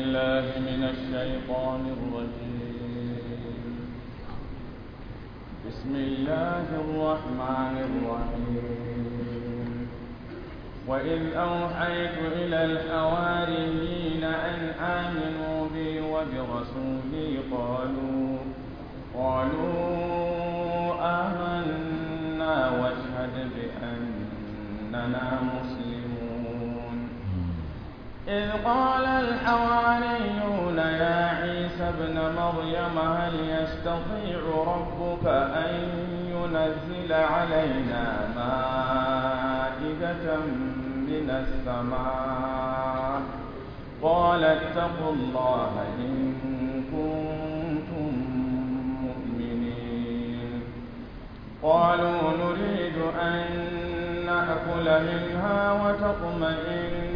بالله من الشيطان الرجيم بسم الله الرحمن الرحيم وإذ أوحيت إلى الحواريين أن آمنوا بي وبرسولي قالوا قالوا آمنا واشهد بأننا مسلمون إذ قال الحواريون يا عيسى ابن مريم هل يستطيع ربك أن ينزل علينا مائدة من السماء قال اتقوا الله إن كنتم مؤمنين قالوا نريد أن نأكل منها وتطمئن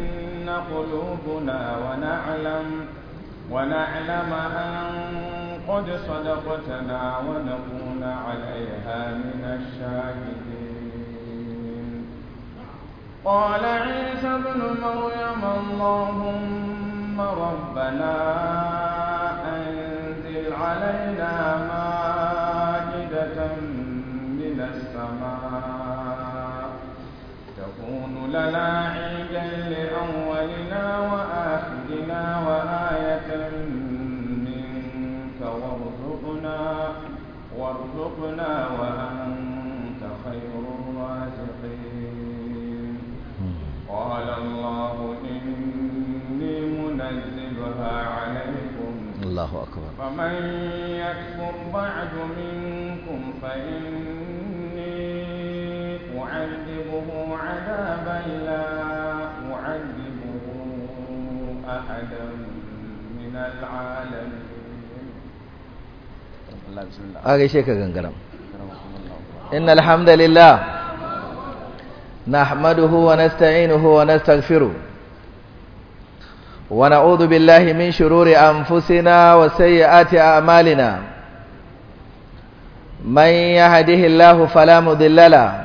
تئن قلوبنا ونعلم ونعلم أن قد صدقتنا ونكون عليها من الشاهدين قال عيسى ابن مريم اللهم ربنا أنزل علينا مائدة من السماء لنا عيدا لأولنا وآخرنا وآية منك وارزقنا وارزقنا وأنت خير الرازقين قال الله إني منزلها عليكم الله أكبر فمن يكفر بعد منكم فإن العذاب لا أعذبه أحدا من العالمين a gaishe ka gangaram innal hamdalillah nahmaduhu wa nasta'inuhu wa nastaghfiruh wa na'udhu billahi min shururi anfusina wa sayyiati a'malina man yahdihillahu fala mudilla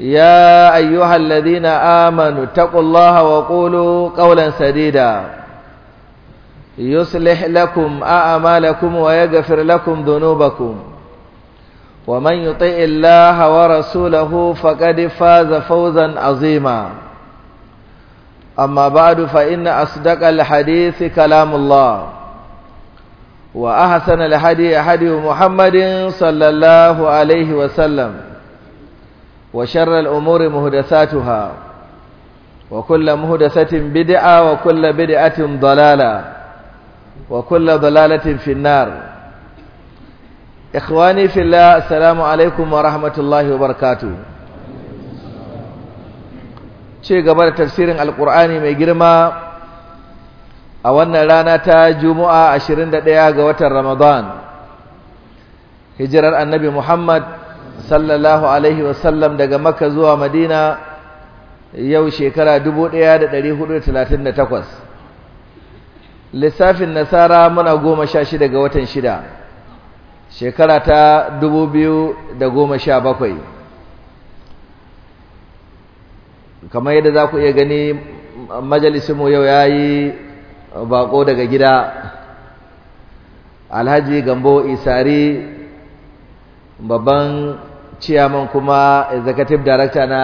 يا أيها الذين آمنوا اتقوا الله وقولوا قولا سديدا يصلح لكم أعمالكم ويغفر لكم ذنوبكم ومن يطع الله ورسوله فقد فاز فوزا عظيما أما بعد فإن أصدق الحديث كلام الله وأحسن الحديث حديث محمد صلى الله عليه وسلم وشر الأمور مهدثاتها وكل مهدثة بدعة وكل بدعة ضلالة وكل ضلالة في النار إخواني في الله السلام عليكم ورحمة الله وبركاته ce gaba da tafsirin alkur'ani mai girma a wannan rana ta juma'a 21 ga watan ramadan hijirar annabi muhammad sallallahu alaihi wasallam daga maka zuwa Madina yau shekara 1438 lissafin nasara muna goma sha shida ga watan shida shekara ta da sha 2017 kamar yadda za ku iya gani majalisinmu yau ya yi bako daga gida alhaji gambo isari babban chairman kuma executive director na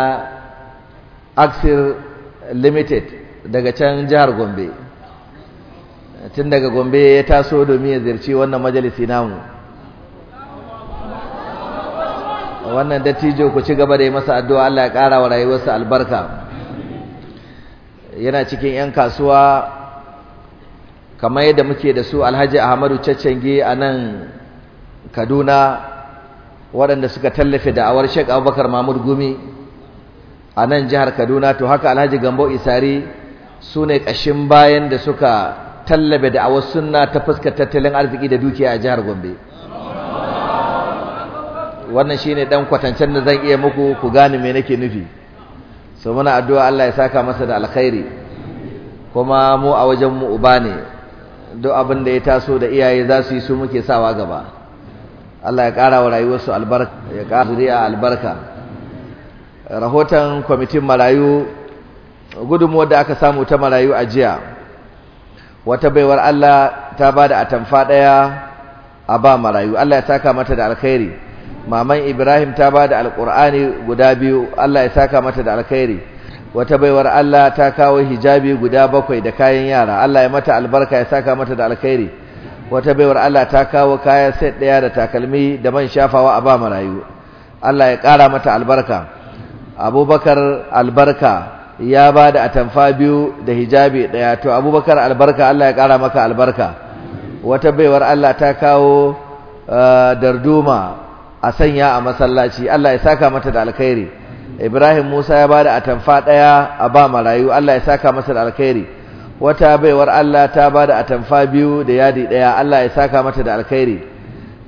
Axel Limited daga can jihar Gombe tun daga Gombe ya taso domin ya zirci wannan majalisi namu wannan dattijo ku ci gaba da yi masa addu'a Allah ya ƙara wa rayuwarsa albarka yana cikin 'yan kasuwa kamar yadda muke da su alhaji ahmadu caccange a nan kaduna waɗanda suka tallafe da'awar Sheikh Abubakar Mahmud Gumi a nan jihar Kaduna to haka Alhaji Gambo Isari su ne ƙashin bayan da suka tallafe da'awar sunna ta fuskar tattalin arziki da dukiya a jihar Gombe wannan shine dan kwatancen da zan iya muku ku gane me nake nufi so muna addu'a Allah ya saka masa da alkhairi kuma mu a wajen mu uba ne duk abin da ya taso da iyaye za su yi su muke sawa gaba Allah ya ƙara wa rayuwarsu albarka ya ƙara zuriya albarka rahoton kwamitin marayu gudunmuwar da aka samu ta marayu a jiya wata baiwar Allah ta ba da atamfa ɗaya a ba marayu Allah ya saka mata da alkhairi maman Ibrahim ta ba da alƙur'ani guda biyu Allah ya saka mata da alkhairi wata baiwar Allah ta kawo hijabi guda bakwai da kayan yara Allah ya mata albarka ya saka mata da alkhairi wata baiwar Allah ta kawo kaya set daya da takalmi da man shafawa a ba marayu Allah ya kara mata albarka Abubakar albarka ya ba da atamfa biyu da hijabi daya to Abubakar albarka Allah ya kara maka albarka wata baiwar Allah ta kawo uh, darduma a sanya a masallaci Allah ya saka mata da alkhairi Ibrahim Musa ya ba da atamfa daya a ba marayu Allah ya saka masa da alkhairi wata baiwar Allah ta bada atamfa biyu da yadi daya Allah ya saka mata da alkhairi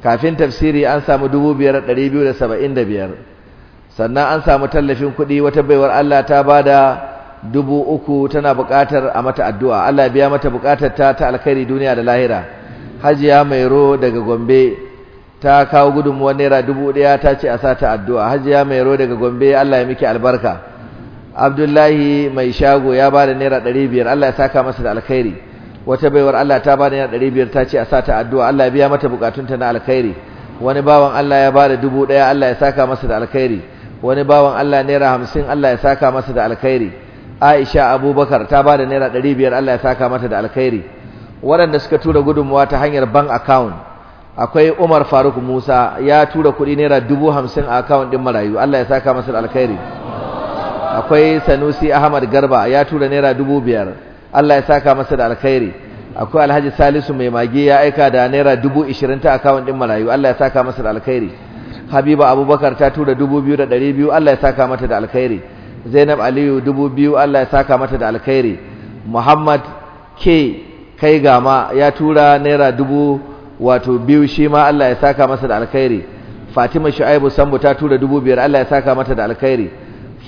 kafin tafsiri an samu 2275 sannan an samu tallafin kuɗi wata baiwar Allah ta bada uku tana buƙatar a mata addu'a Allah ya biya mata buƙatar ta ta alkhairi duniya da lahira Hajiya Mairo daga Gombe ta kawo gudunmuwar naira 1000 ta ce a sata addu'a Hajiya Mairo daga Gombe Allah ya miki albarka abdullahi mai shago ya ba da naira ɗari biyar allah ya saka masa da alkhairi wata baiwar allah ta ba da naira ɗari biyar ta ce a sa ta addu'a allah ya biya mata bukatunta na alkhairi wani bawan allah ya ba da dubu ɗaya allah ya saka masa da alkhairi wani bawan allah naira hamsin allah ya saka masa da alkhairi aisha abubakar ta ba da naira ɗari biyar allah ya saka mata da alkhairi waɗanda suka tura gudunmuwa ta hanyar bank account akwai Umar Faruk Musa ya tura kuɗi naira dubu hamsin a akawun ɗin marayu Allah ya saka masa da alkhairi akwai Sanusi Ahmad Garba ya tura naira dubu biyar Allah ya saka masa da alkhairi akwai Alhaji Salisu mai mage ya aika da naira dubu ishirin ta akawun ɗin marayu Allah ya saka masa da alkhairi Habiba Abubakar ta tura dubu biyu da ɗari biyu Allah ya saka mata da alkhairi Zainab Aliyu dubu biyu Allah ya saka mata da alkhairi Muhammad K kai gama ya tura naira dubu wato biyu shi ma Allah ya saka masa da alkhairi Fatima Shu'aibu Sambo ta tura dubu biyar Allah ya saka mata da alkhairi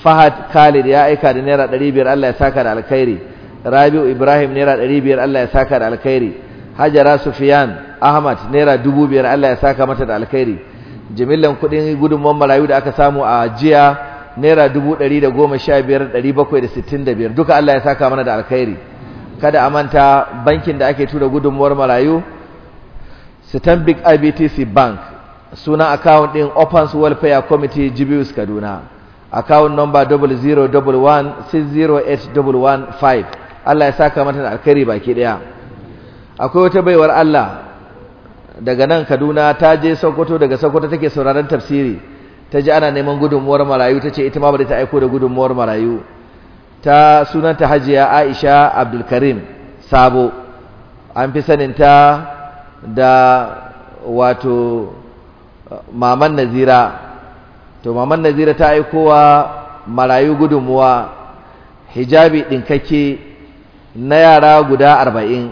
Fahad Khalid ya aika da naira 500 Allah ya saka da alkhairi Rabi'u Ibrahim naira 500 Allah ya saka da alkhairi Hajara Sufyan Ahmad naira biyar Allah ya saka mata da alkhairi jimillan kudin gudunmuwan marayu da aka samu a jiya naira biyar duka Allah ya saka mana da alkhairi kada a manta bankin da ake tura gudunmuwar marayu Stanbic IBTC Bank sunan account din Opens Welfare Committee Jibius Kaduna account number 0011608115 Allah ya saka mata da alkhairi baki daya akwai wata baiwar Allah daga nan Kaduna ta je Sokoto daga Sokoto take sauraron tafsiri ta ji ana neman gudunmuwar marayu ta ce ita ma ba ta aiko da gudunmuwar marayu ta sunanta Hajiya Aisha Abdul Karim Sabo an fi ta da wato eh, maman Nazira to maman nazira ta aikowa marayu gudunmuwa hijabi ɗinkake na yara guda arba'in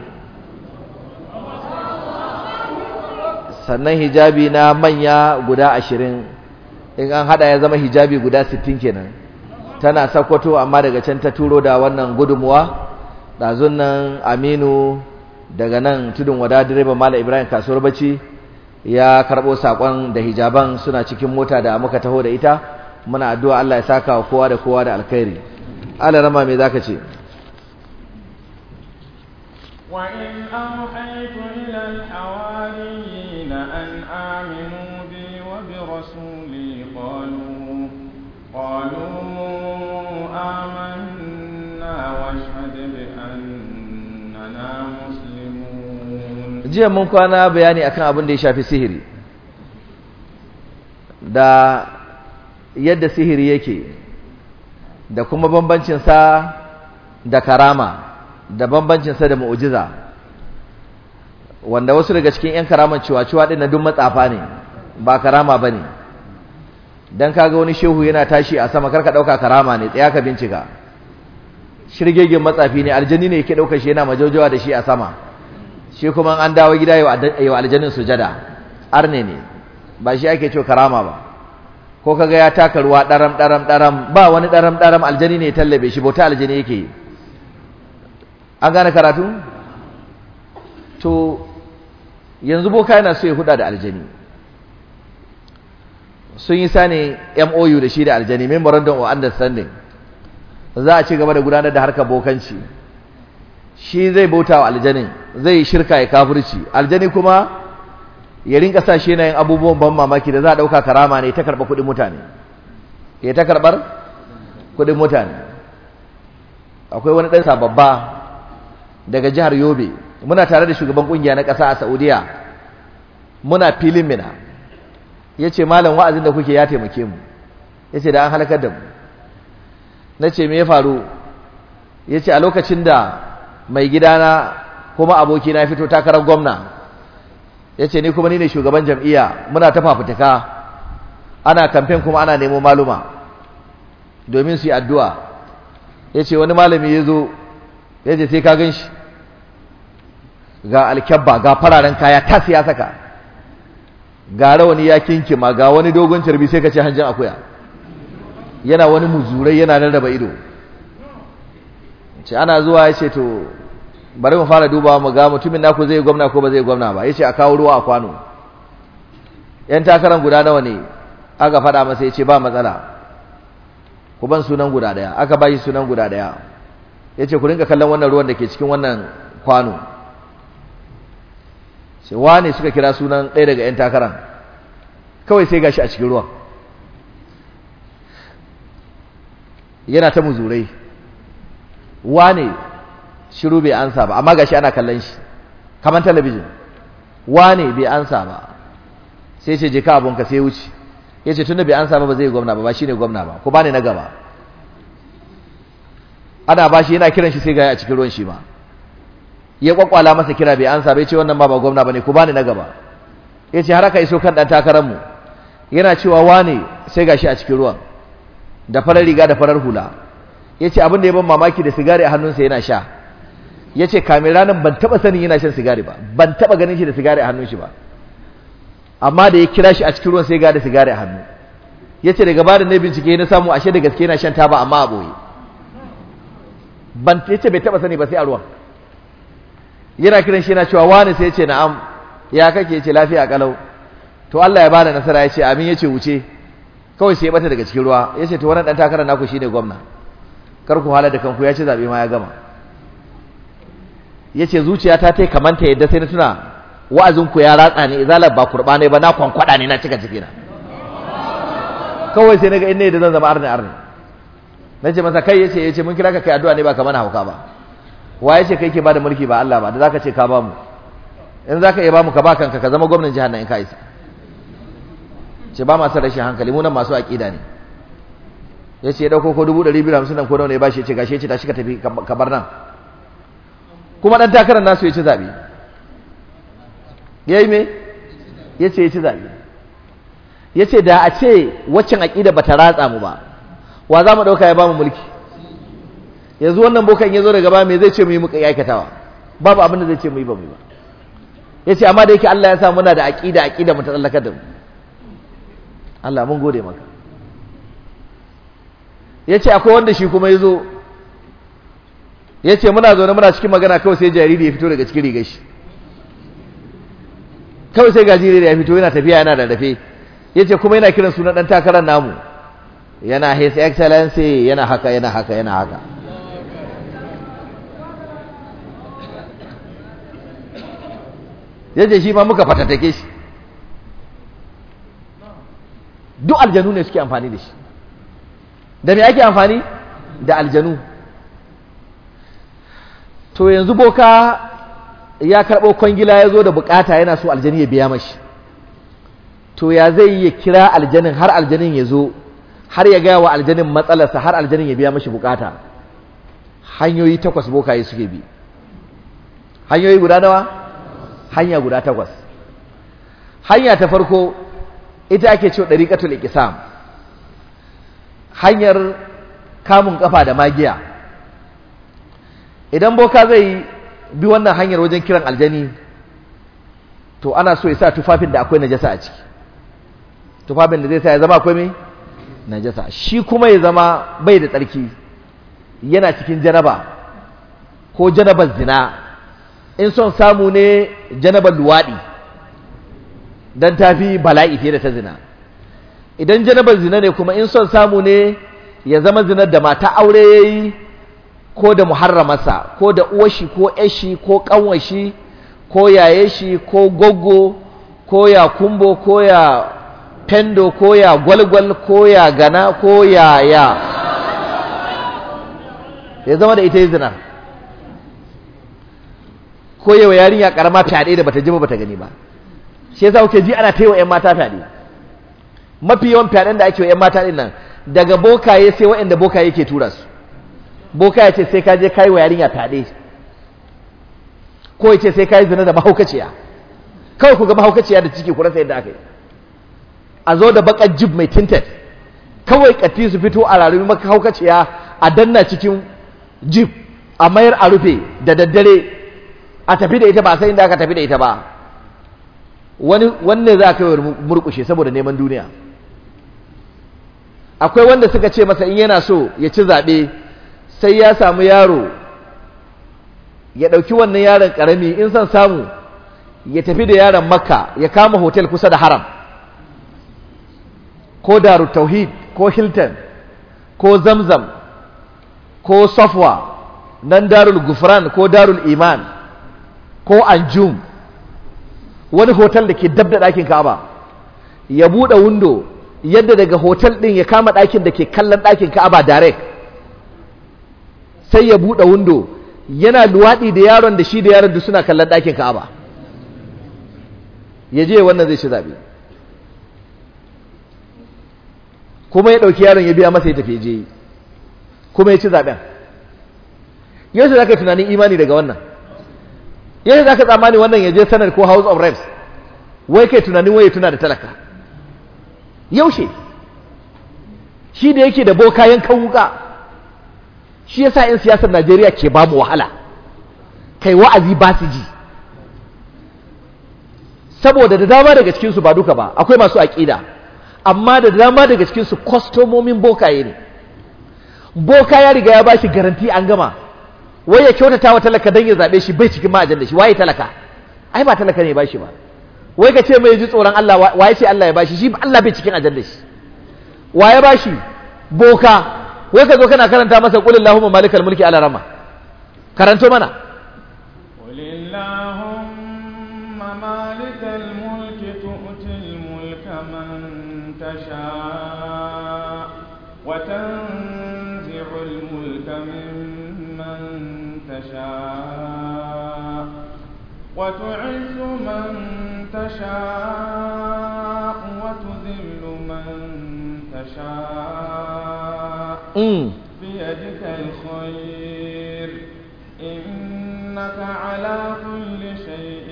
sannan hijabi na manya guda ashirin in an haɗa ya zama hijabi guda sittin kenan tana sakwato amma daga can ta turo da wannan gudunmuwa ɗazun nan aminu daga nan tudun wada direba mala ibrahim kasuwar bacci ya karɓo saƙon da hijaban suna cikin mota da muka taho da ita muna addu'a Allah ya saka wa kowa da kowa da alkhairi Allah rama me zaka ce Wa in وإن an إلى الحواريين أن rasuli, qalu وبرسولي قالوا قالوا آمنا واشهد mu. jiya mun kwana bayani akan abin da ya shafi sihiri da yadda sihiri yake da kuma bambancinsa da karama da bambancinsa da mu'ujiza wanda wasu daga cikin 'yan karaman cewa cewa ɗin na duk matsafa ne ba karama ba ne don kaga wani shehu yana tashi a sama karka ɗauka karama ne tsaya ka bincika shirgegen matsafi ne aljani ne yake ɗauka shi yana majaujawa da shi a sama shi kuma an dawo gida yau aljanin sujada arne ne ba shi ake cewa karama ba ko kaga ya taka ruwa daram daram daram ba wani daram daram aljani ne tallabe shi bauta aljani yake yi an gane karatu to yanzu boka yana so ya huda da aljani sun yi sani MOU da shi da aljani memorandum of understanding za a ci gaba da gudanar da harkar bokanci shi zai bauta wa aljanin zai shirka ya kafirci aljani kuma ya rinka sa shi yin abubuwan ban mamaki da za a ɗauka karama ne ta karɓar kuɗin mutane ya ta karɓar kuɗin mutane akwai wani ɗansa sababba daga jihar yobe muna tare da shugaban ƙungiya na ƙasa a saudiya muna filin mina ya ce malam wa'azin da kuke ya taimake mu ya ce da an halakar da mu na ce me ya faru ya ce a lokacin da mai gidana kuma aboki na fito takarar gwamna yace ni kuma ni ne shugaban jam'iyya muna ta fafutuka ana kamfen kuma ana nemo maluma domin su yi addu'a yace wani malami ya zo yace sai ka gan shi ga alkyabba ga fararen kaya ta ya saka ga rawani ya kinkima ga wani dogon carbi sai ka ce hanjin akuya yana wani muzurai yana rarraba ido ce ana zuwa ya ce to bari mu fara dubawa mu ga mutumin naku zai gwamna ko ba zai gwamna ba ya ce a kawo ruwa a kwano yan takarar guda nawa ne aka faɗa masa ya ce ba matsala ku ban sunan guda ɗaya aka ba shi sunan guda ɗaya ya ce ku rinka kallon wannan ruwan da ke cikin wannan kwano sai ne suka kira sunan ɗaya daga yan takarar kawai sai gashi a cikin ruwan yana ta muzurai wane shiru bai ansa ba amma gashi ana kallon shi kamar talabijin wane bai ansa ba sai ce je ka abunka sai wuce ya ce tunda bai ansa ba ba zai gwamna ba ba ne gwamna ba ko bani na gaba ana ba shi yana kiran shi sai ga a cikin ruwan shi ma ya kwakwala masa kira bai ansa bai ce wannan ma ba gwamna ne ko bani na gaba ya ce har aka iso kan dan takarar mu yana cewa wane sai gashi a cikin ruwan da farar riga da farar hula yace ce abinda ya ban mamaki da sigari a hannunsa yana sha yace kamin ranar ban taba sanin yana shan sigari ba ban taba ganin shi da sigari a hannun shi ba amma da ya kira shi a cikin ruwan sai ga da sigari a hannu yace daga bada na bincike na samu ashe da gaske yana shan taba amma a boye ban yace bai taba sani ba sai a ruwan yana kiran shi yana cewa wani sai yace na'am ya kake yace lafiya kalau to Allah ya bada nasara ce amin yace wuce kawai sai ya bata daga cikin ruwa yace to wannan dan takara naku shine gwamna kar ku hala da kanku ya ce zaɓe ma ya gama ya ce zuciyata ta yi kamanta yadda sai na tuna wa'azinku ya ratsa ne izalar ba kurɓa ne ba na kwankwaɗa ne na cika ciki na kawai sai na ga inda yadda zan zama arni arni na ce masa kai ya ce ya ce mun kira ka kai addu'a ne ba ka mana hauka ba wa ya ce kai ke ba da mulki ba Allah ba da zaka ce ka ba mu in zaka iya ba mu ka ba kanka ka zama gwamnan jihar nan in ka isa ce ba masu rashin hankali mu nan masu aƙida ne ya ce ya dauko ko dubu ɗari biyu hamsin ko nawa ne ba shi ya ce gashi ya ce tashi ka tafi ka bar nan kuma ɗan takarar nasu ya ci zaɓe ya yi me ya ce ya ci zaɓe ya ce da a ce waccan aƙida ba ta ratsa mu ba wa za mu ɗauka ya ba mu mulki yanzu wannan bokan ya zo daga ba me zai ce mu yi muka aikatawa babu abin da zai ce mu yi ba mu yi ba ya ce amma da yake Allah ya sa muna da aƙida aƙida mu ta tsallakar da mu Allah mun gode maka ya ce akwai wanda shi kuma ya zo ya ce muna zaune muna cikin magana kawai sai jariri ya fito daga cikin rigar shi kawai sai gajiri ya fito yana tafiya yana da dafe ya ce kuma yana kiran sunan ɗan takarar namu yana his excellency yana haka yana haka yana haka ya ce shi ma muka fatattake shi duk aljanu ne suke amfani da shi da me ake amfani da aljanu to yanzu boka ya karɓo kwangila ya zo da bukata yana so aljani ya biya mashi to ya zai yi kira aljanin har aljanin ya zo har ya gaya wa aljanin matsalarsa har aljanin ya biya mashi bukata hanyoyi takwas bokaye suke bi hanyoyi guda nawa hanya guda takwas hanya ta farko ita ake ce ɗariƙatul ikisam hanyar kamun kafa da magiya idan boka zai bi wannan hanyar wajen kiran aljani to ana so ya sa tufafin da akwai najasa a ciki tufafin da zai sa ya zama akwai mai najasa shi kuma ya zama bai da tsarki yana cikin janaba ko janabar zina in son samu ne janabar luwaɗi don tafi bala'i fiye da ta zina idan janabar zina ne kuma in son samu ne ya zama zinar da mata aure ya yi ko da muharramasa ko da uwashi ko eshi ko kanwashi ko yayeshi ko goggo ko ya kumbo ko ya pendo ko ya gwalgwal ko ya gana ko ya ya ya zama da ita yi zina ko yawa yarinya karama fyaɗe da bata ji ba bata gani ba shi yasa kuke ji ana taiwa 'yan mata fyaɗe mafi yawan fyaɗen da ake wa 'yan mata ɗin nan daga bokaye sai waɗanda bokaye ke tura su bokaye ce sai ka je kai wa yarinya fyaɗe ko ya ce sai ka yi zina da mahaukaciya kawai ku ga mahaukaciya da ciki ku rasa yadda aka yi a zo da bakar jib mai tinted kawai katti su fito a rarrabi mahaukaciya a danna cikin jib a mayar a rufe da daddare a tafi da ita ba sai inda aka tafi da ita ba wani wanne za ka yi murkushe saboda neman duniya akwai wanda suka ce masa in yana so ya ci zaɓe sai ya samu yaro ya ɗauki wannan yaron ƙarami in son samu ya tafi da yaron makka ya kama hotel kusa da haram ko daru tauhid ko hilton ko zamzam ko safwa nan darul gufran ko darul iman ko anjum wani hotel da ke dab da ɗakin ba ya buɗe window. yadda daga hotel ɗin ya kama ɗakin da ke kallon ɗakin ka'aba direct sai ya buɗe window yana luwaɗi da yaron da shi da yaron da suna kallon ɗakin ka'aba ya je wannan zai shi zaɓe kuma ya ɗauki yaron ya biya masa ya tafi je kuma ya ci zaɓen yau za ka tunanin imani daga wannan yau za ka tsammani wannan ya je sanar ko house of reps wai kai tunanin wai ya tuna da talaka yaushe shi da yake da bokayen kawuka shi yasa 'yan siyasar najeriya ke ba wahala kai wa'azi ba su ji saboda da dama daga cikinsu ba duka ba akwai masu aƙida amma da dama daga cikinsu kwastomomin bokaye ne boka ya riga ya bashi garanti an gama wai ya kyautata wa talaka don ya zaɓe shi bai cikin ma'ajin da shi waye talaka ai ba talaka ne ba shi ba wai ka ce mai ji tsoron Allah waye ce Allah ya bashi shi Allah bai cikin ajandar shi waye bashi boka wai ka zo kana karanta masa qul allahumma malikal mulki ala rama karanto mana qul allahumma malikal mulki tu'til mulka man tasha wa tanzi'ul mulka mimman tasha wa tu'izzu تشاء وتذل من تشاء بيدك الخير إنك على كل شيء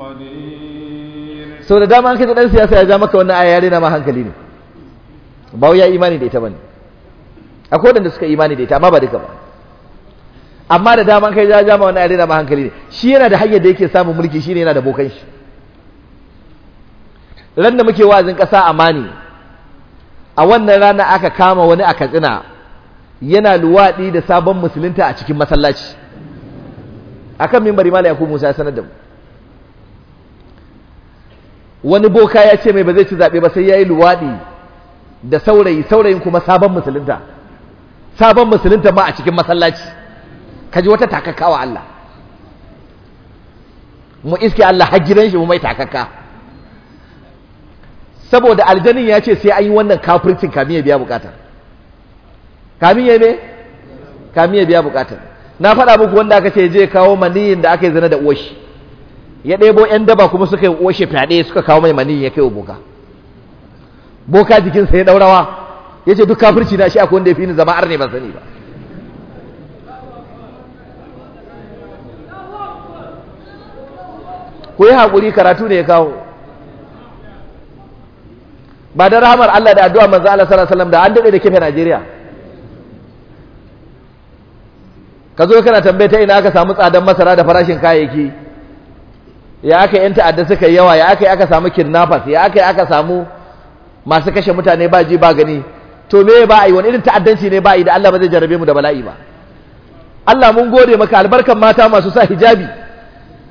قدير سورة دام أنك دان سياسة يا وأن وانا آيالينا ما هنكليني باويا إيماني ديتا بني akwai waɗanda suka imani da ita amma ba duka ba amma da daman kai ja jama wani arena ma hankali ne shi yana da hanyar da yake samun mulki shine yana da bokan shi ran da muke wa'azin ƙasa amani a wannan rana aka kama wani a katsina yana luwaɗi da sabon musulunta a cikin masallaci akan mimbari mala ku musa ya sanar da mu wani boka ya ce mai ba zai ci zaɓe ba sai ya yi luwaɗi da saurayi saurayin kuma sabon musulunta sabon musulunta ma a cikin masallaci kaji wata takakawa Allah mu iske Allah har gidan shi mu mai takakawa saboda aljanin ya ce sai an yi wannan kafircin kamin ya biya bukatar kamin ya ne kamin ya biya bukatar na faɗa muku wanda aka ce je kawo maniyin da aka yi zana da uwashi ya ɗebo yan daba kuma suka yi uwashi fyaɗe suka kawo mai maniyin ya kai wa boka boka jikinsa ya ɗaurawa ya ce duk kafirci na shi akwai wanda ya fi ni zama arne ban sani ba ku yi haƙuri karatu ne ya kawo ba da rahamar Allah da addu'a manzo Allah sallallahu alaihi wasallam da an dade da kefe Najeriya ka zo kana tambaye ta ina aka samu tsadan masara da farashin kayayyaki ya aka yan ta'adda suka yi yawa ya aka aka samu kidnappers ya aka aka samu masu kashe mutane ba ji ba gani to me ba yi wani irin ta'addanci ne ba ai da Allah ba zai jarabe mu da bala'i ba Allah mun gode maka albarkan mata masu sa hijabi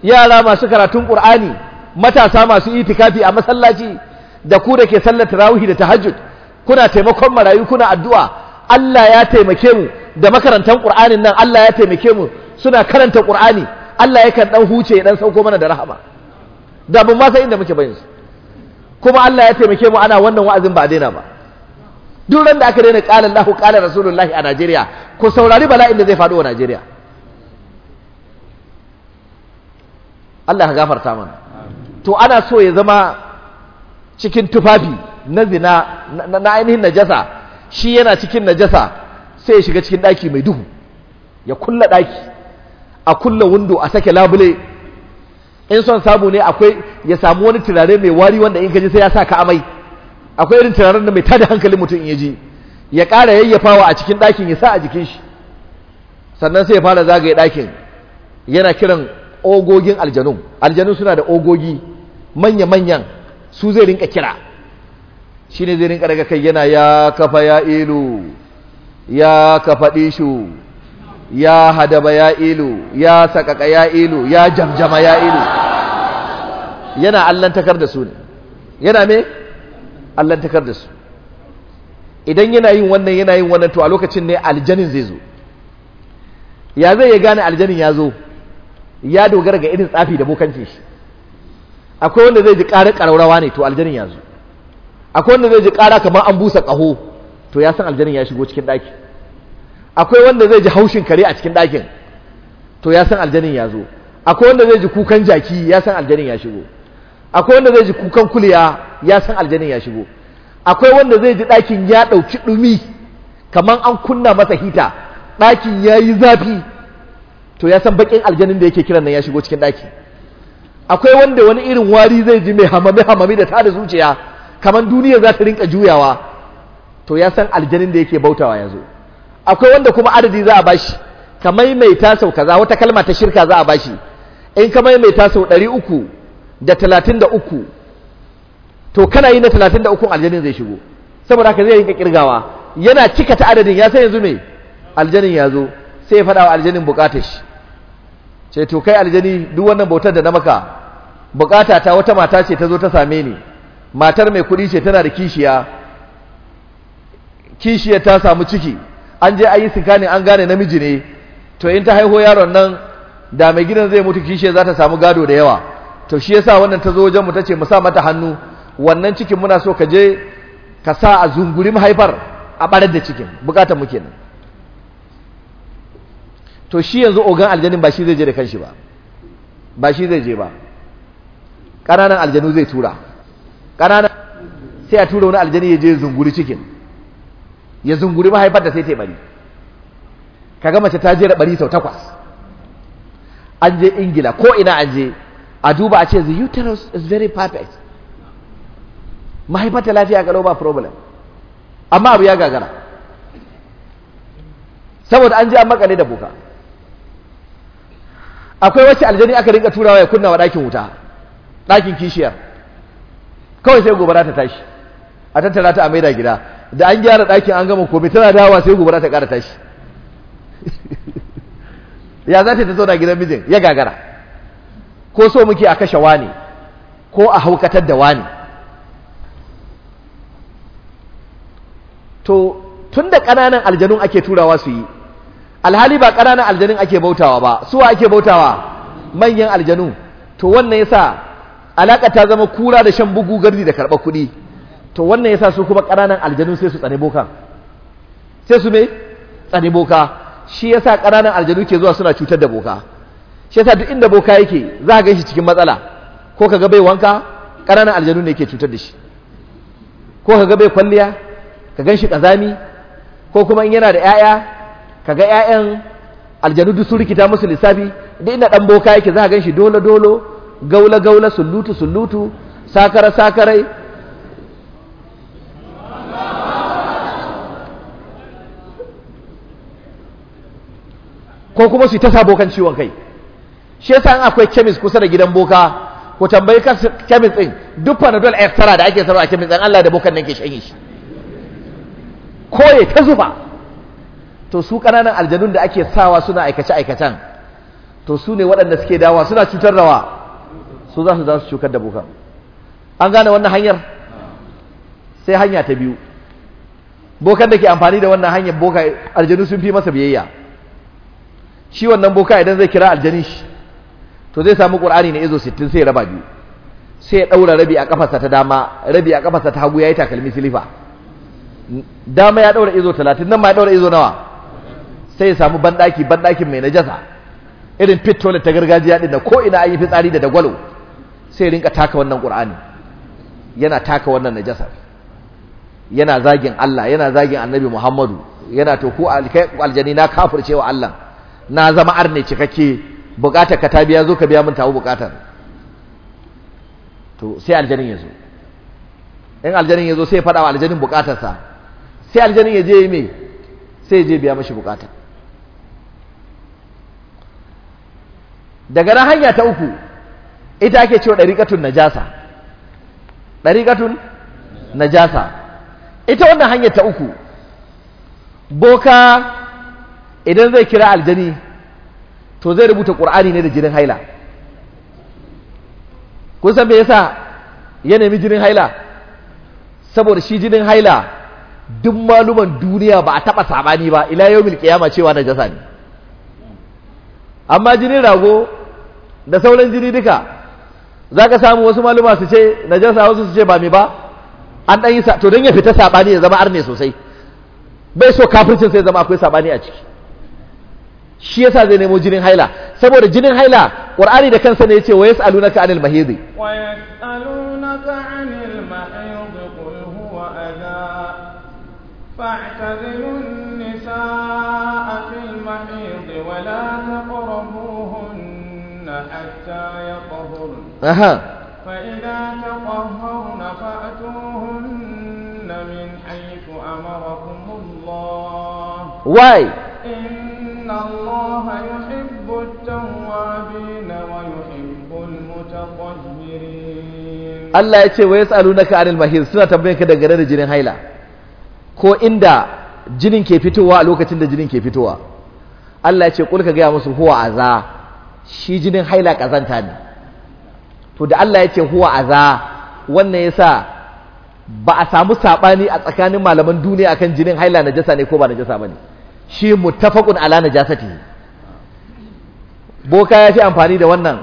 yara masu karatun Qur'ani matasa masu itikafi a masallaci da ku da ke sallar tarawihi da tahajjud kuna taimakon marayu kuna addu'a Allah ya taimake mu da makarantan Qur'anin nan Allah ya taimake mu suna karanta Qur'ani Allah ya kan dan huce dan sauko mana da rahama da mun ma sai inda muke bayin kuma Allah ya taimake mu ana wannan wa'azin ba daina ba duk ran da aka daina qala Allahu qala Rasulullahi a Najeriya ku saurari bala'in da zai faɗo wa Najeriya Allah ya gafarta mana to ana so ya zama cikin tufafi na zina na ainihin najasa shi yana cikin najasa sai ya shiga cikin ɗaki mai duhu ya kulla ɗaki a kulla windo a sake labule in son samu ne akwai ya samu wani turare mai wari wanda in gaji sai ya sa ka amai akwai irin turaren da mai tada hankalin mutum in ya ji ya ƙara yayyafawa a cikin ɗakin ya sa a jikin shi sannan sai ya fara zagaye ɗakin yana kiran ogogin aljanu aljanu suna da ogogi manya-manyan su zai rinka kira shi ne zai rinka daga kai yana ya kafa ya ilu ya kafa ɗishu ya hadaba ya ilu ya sakaka ya ilu ya jamjama ya ilu yana allantakar da su ne yana me allantakar da su idan yana yin wannan yana yin wannan to a lokacin ne aljanin zai zo ya zai ya gane aljanin ya zo ya dogara ga irin tsafi da bokancin shi akwai wanda zai ji ƙarar ƙararrawa ne to aljanin ya zo akwai wanda zai ji ƙara kamar an busa ƙaho to ya san aljanin ya shigo cikin ɗaki akwai wanda zai ji haushin kare a cikin ɗakin to ya san aljanin ya zo akwai wanda zai ji kukan jaki ya san aljanin ya shigo akwai wanda zai ji kukan kuliya ya san aljanin ya shigo akwai wanda zai ji ɗakin ya ɗauki ɗumi kamar an kunna masa hita ɗakin ya yi zafi to ya san baƙin aljanin da yake kiran nan ya shigo cikin ɗaki akwai wanda wani irin wari zai ji mai hamami hamami da tare zuciya kamar duniya za ta rinka juyawa to ya san aljanin da yake bautawa ya zo akwai wanda kuma adadi za a bashi ka maimaita tasau kaza wata kalma ta shirka za a bashi in ka maimaita sau ɗari uku da talatin da uku to kana yi na talatin da ukun aljanin zai shigo saboda haka zai rinka kirgawa yana cika ta adadin ya san yanzu me aljanin ya zo sai ya faɗa wa aljanin bukatar shi ce to kai aljani duk wannan bautar da na maka bukata ta wata mata ce ta zo ta same ni matar mai kuɗi ce tana da kishiya kishiyar ta samu ciki an je an yi sikanin an gane namiji ne to in ta haiho yaron nan da mai gidan zai mutu kishiyar za ta samu gado da yawa to shi yasa wannan ta zo wajen mu tace mu sa mata hannu wannan cikin muna so ka je ka sa a zunguri haifar a barar da cikin bukata mu kenan to shi yanzu ogan aljanin ba shi zai je da kanshi ba ba shi zai je ba ƙananan aljanu zai tura ƙananan sai a tura wani aljani ya je zunguri cikin ya zunguri mahaifar da sai ta bari ga mace ta jera bari sau takwas an je ingila ko ina an je a duba a ce the uterus is very perfect mahaifar ta lafiya kalau ba problem amma abu ya gagara saboda an je an makale da buka akwai wacce aljani aka rinka turawa ya kunna wa ɗakin wuta ɗakin kishiyar kawai sai gobara ta tashi a tattara ta a maida gida da an gyara ɗakin an gama komai tana dawa sai gobara ta ƙara tashi ya za ta ta zauna gidan mijin ya gagara ko so muke a kashe wani ko a haukatar da wani to tun da ƙananan aljanun ake turawa su yi alhali ba ƙananan aljanun ake bautawa ba suwa ake bautawa manyan aljanu to wannan yasa alaka ta zama kura da shan bugu gardi da karɓar kuɗi to wannan yasa su kuma ƙananan aljanu sai su tsane boka sai su me tsane boka shi yasa ƙananan aljanu ke zuwa suna cutar da boka shi yasa duk inda boka yake za ka shi cikin matsala ko ka ga bai wanka ƙananan aljanu ne ke cutar da shi ko ka ga bai kwalliya ka gan shi ƙazami ko kuma in yana da 'ya'ya ka ga 'ya'yan aljanu duk sun rikita musu lissafi duk inda ɗan boka yake za ka gan shi dolo dolo gaula gaula sullutu sullutu sakara sakarai ko kuma su ta sabo kan ciwon kai shi yasa an akwai chemist kusa da gidan boka ku tambayi kan chemist din duk panadol extra da ake sarrafa a chemist din Allah da bokan nan ke shanye shi ko ya ta zufa to su kananan aljanun da ake sawa suna aikace aikacen to su ne waɗanda suke dawa suna cutar rawa su za su za su cukar da bokan an gane wannan hanyar sai hanya ta biyu bokan da ke amfani da wannan hanyar boka aljanu sun fi masa biyayya shi wannan boka idan zai kira aljani shi to zai samu qur'ani na izo 60 sai ya raba biyu sai ya daura rabi a kafarsa ta dama rabi a kafarsa ta hagu ya yi takalmi silifa dama ya daura izo 30 nan ma ya daura izo nawa sai ya samu banɗaki banɗakin mai najasa irin pit toilet ta gargajiya ɗin da ko ina an yi fitsari da dagwalo sai rinka taka wannan qur'ani yana taka wannan najasa yana zagin Allah yana zagin Annabi Muhammadu yana to ko aljani na kafircewa Allah na zama arne cikakke bukatar ka ta biya zo ka biya min tawo bukatar to sai aljanin yazo in aljanin yazo sai fada wa aljanin buƙatarsa sai aljanin ya je me sai je biya mashi bukatar daga ran hanya ta uku ita ake cewa ɗariƙatun najasa ɗariƙatun najasa ita wannan hanyar ta uku boka idan zai kira aljani to zai rubuta ƙur'ani ne da jinin haila kun san me yasa ya nemi jinin haila saboda shi jinin haila duk maluman duniya ba a taɓa saɓani ba ila yau milkiyama cewa na jasa ne amma jinin rago da sauran jini duka za ka samu wasu maluma su ce najasa wasu su ce ba mi ba an ɗan yi to don ya fita saɓani ya zama arne sosai bai so kafircin sai zama akwai saɓani a ciki shi yasa zai nemo jinin haila saboda jinin haila qur'ani da kansa ne ya wa yasa wa anil mahidi qul huwa adha Fa'idata kwa Allah yau in bauta wuƙa, na wani in ya ce wai ya sa na ka'adin mahir suna tambayanka da ganganar da jirgin haila, ko inda jinin ke fitowa a lokacin da jinin ke fitowa. Allah ya ce, kulka gaya musu kuwa a za'a. shi jinin haila kazanta ne to da Allah ya ce huwa aza wannan yasa ba a samu sabani a tsakanin malaman duniya akan jinin haila najasa ne ko ba najasa bane shi muttafaqun ala najasatihi boka ya fi amfani da wannan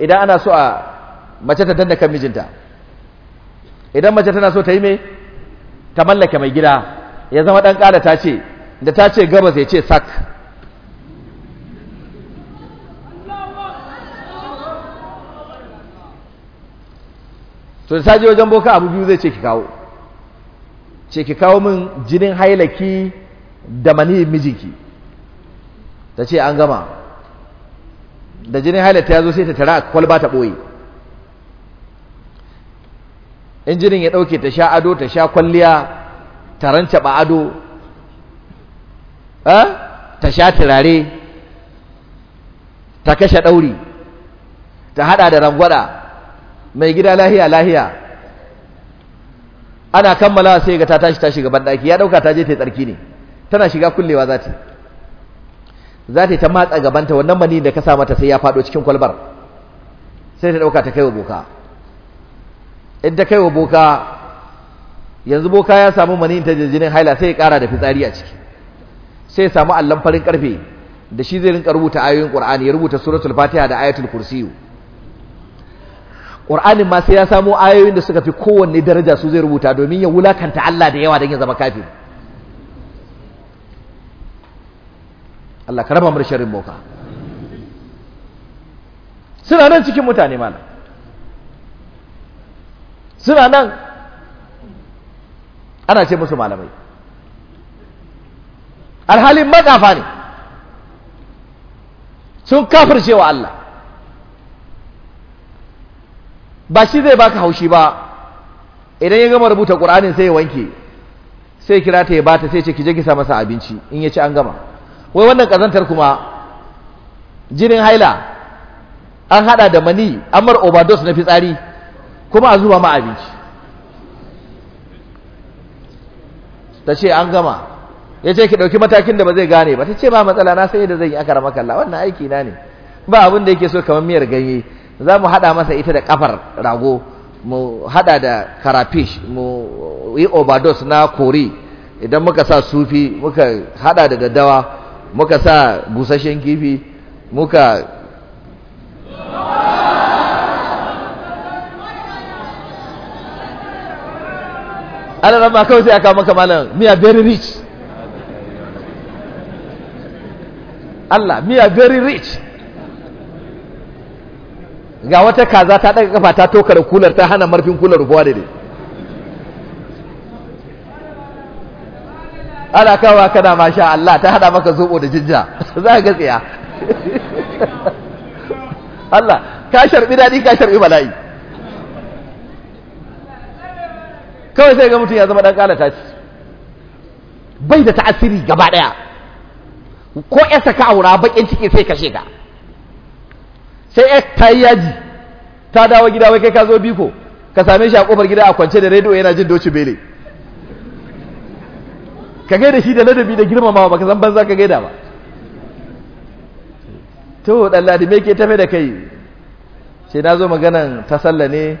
idan ana so a mace ta danna kan mijinta idan mace tana so ta yi me ta mallake mai gida ya zama dan kada ta ce da ta ce gabas ya ce sak to ta je wajen boka abu biyu zai ce ki kawo ce ki kawo min jinin hailaki da mani mijinki ta ce an gama da jinin hailata ya zo sai ta tara a kwalba ta ɓoye in jinin ya ɗauke ta sha ado ta sha kwalliya ta ba ado eh, ta sha turare ta kashe ɗauri ta hada da rangwada mai gida lahiya lahiya ana kammala sai ga ta tashi ta shiga banɗaki ya ɗauka ta je ta yi tsarki ne tana shiga kullewa za ta za ta ta matsa gabanta wannan mani da ka sa mata sai ya faɗo cikin kwalbar sai ta ɗauka ta kai wa boka in ta kai wa boka yanzu boka ya samu mani ta jinin haila sai ya ƙara da fitsari a ciki sai ya samu allon farin ƙarfe da shi zai rinka rubuta ayoyin ƙur'ani ya rubuta suratul fatiha da ayatul kursiyu ƙur'anin ma sai ya samo ayoyin da suka fi kowanne daraja su zai rubuta domin ya wulakanta Allah da yawa don ya zama kafi. Allah ka raba marsharin boka suna nan cikin mutane mana suna nan ana ce musu malamai alhalin matsafa ne sun cewa Allah ba shi zai baka haushi ba idan ya gama rubuta qur'anin sai ya wanke sai kira ta ya bata sai ce ki je ki sa masa abinci in ya ci an gama wai wannan kazantar kuma jinin haila an hada da mani amar overdose na fitsari kuma a zuba ma abinci ta ce an gama ya ce ki ɗauki matakin da ba zai gane ba ta ce ba matsala na sai da zai yi aka rama wannan aiki na ne ba abin da yake so kamar miyar ganye za mu haɗa masa ita da ƙafar rago mu haɗa da karafish mu yi obados na kori idan muka sa sufi muka haɗa da daddawa muka sa busashen kifi muka ana rama kawai sai aka maka malam miya very rich Allah miya very rich ga wata kaza ta daga kafa ta tokar kular ta hana marfin kular rubuwa da dai ana kawo kana masha Allah ta hada maka zobo da jinja za ka gatsiya Allah ka sharbi dadi ka sharbi bala'i kawai sai ga mutum ya zama dan kalata ce bai da ta'asiri gaba daya ko ya saka aura bakin ciki sai ka ka sai ya ta yaji ta dawo gida wai kai ka zo biko ka same shi a kofar gida a kwance da rediyo yana jin doci bele ka gaida shi da ladabi da girmamawa ka san banza ka gaida ba to dan ladi me ke tafe da kai sai na zo maganan ta sallah ne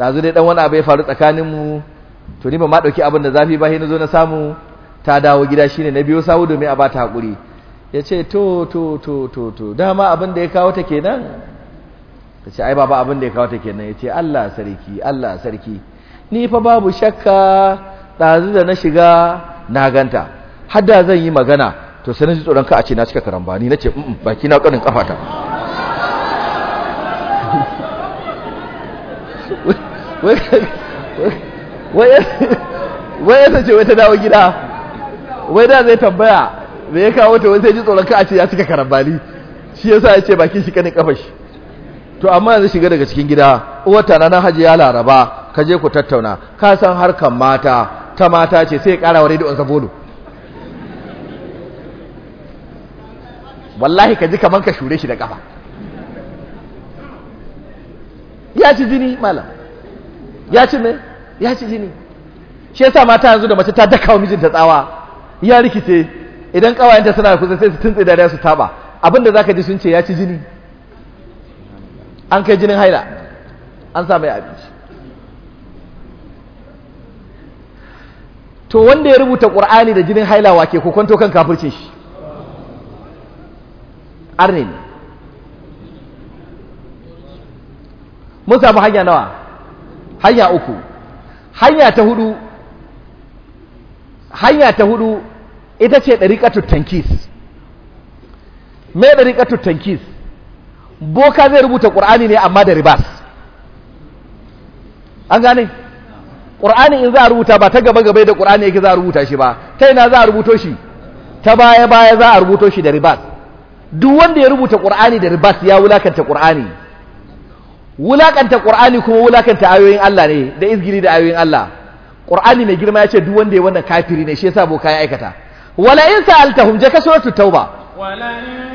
dazu dai dan wani abu ya faru tsakanin mu to ni ba ma dauki abin da zafi ba sai na zo na samu ta dawo gida shine na biyo sawu domin a bata hakuri ya ce to to to to to dama abin da ya kawo ta kenan ta ce ai baba abin da ya kawo ta kenan ya ce Allah sarki Allah sarki ni fa babu shakka dazu da na shiga na ganta hadda zan yi magana to sai na ji tsoron ka a ce na cika karambani na ce baki na ƙanin kafata wai ya ce wai ta dawo gida wai da zai tambaya da ya kawo ta sai ji tsoron ka a ce ya cika karambali shi ya sa ya ce baki shi kanin kafashi to amma yanzu shiga daga cikin gida uwar tana na haji ya laraba ka je ku tattauna ka san harkan mata ta mata ce sai ya kara wa rediyon sa bolo wallahi ka ji kamar ka shure shi da kafa ya ci jini malam ya ci me ya ci jini shi yasa mata yanzu da mace ta daka wa mijinta tsawa ya rikice idan kawayenta suna kusa sai su tuntsi da su taba abinda zaka ji sun ce ya ci jini an kai jinin haila an sa mai abinci to wanda ya rubuta qur'ani da jinin haila wake ko kwanto kan kafircin shi arne ne mun samu hanya nawa hanya uku hanya ta hudu hanya ta hudu ita ce ɗariƙatu tankis me ɗariƙatu tankis boka zai rubuta ƙur'ani ne amma da ribas an gane ƙur'ani in za a rubuta ba ta gaba gaba da ƙur'ani yake za a rubuta shi ba ta ina za a rubuto shi ta baya baya za a rubuto shi da ribas duk wanda ya rubuta ƙur'ani da ribas ya wulakanta ƙur'ani wulakanta ƙur'ani kuma wulakanta ayoyin Allah ne da izgiri da ayoyin Allah ƙur'ani mai girma ya ce duk wanda ya wannan kafiri ne shi yasa boka ya aikata wala in sa'altahum je ka suratul tauba wala in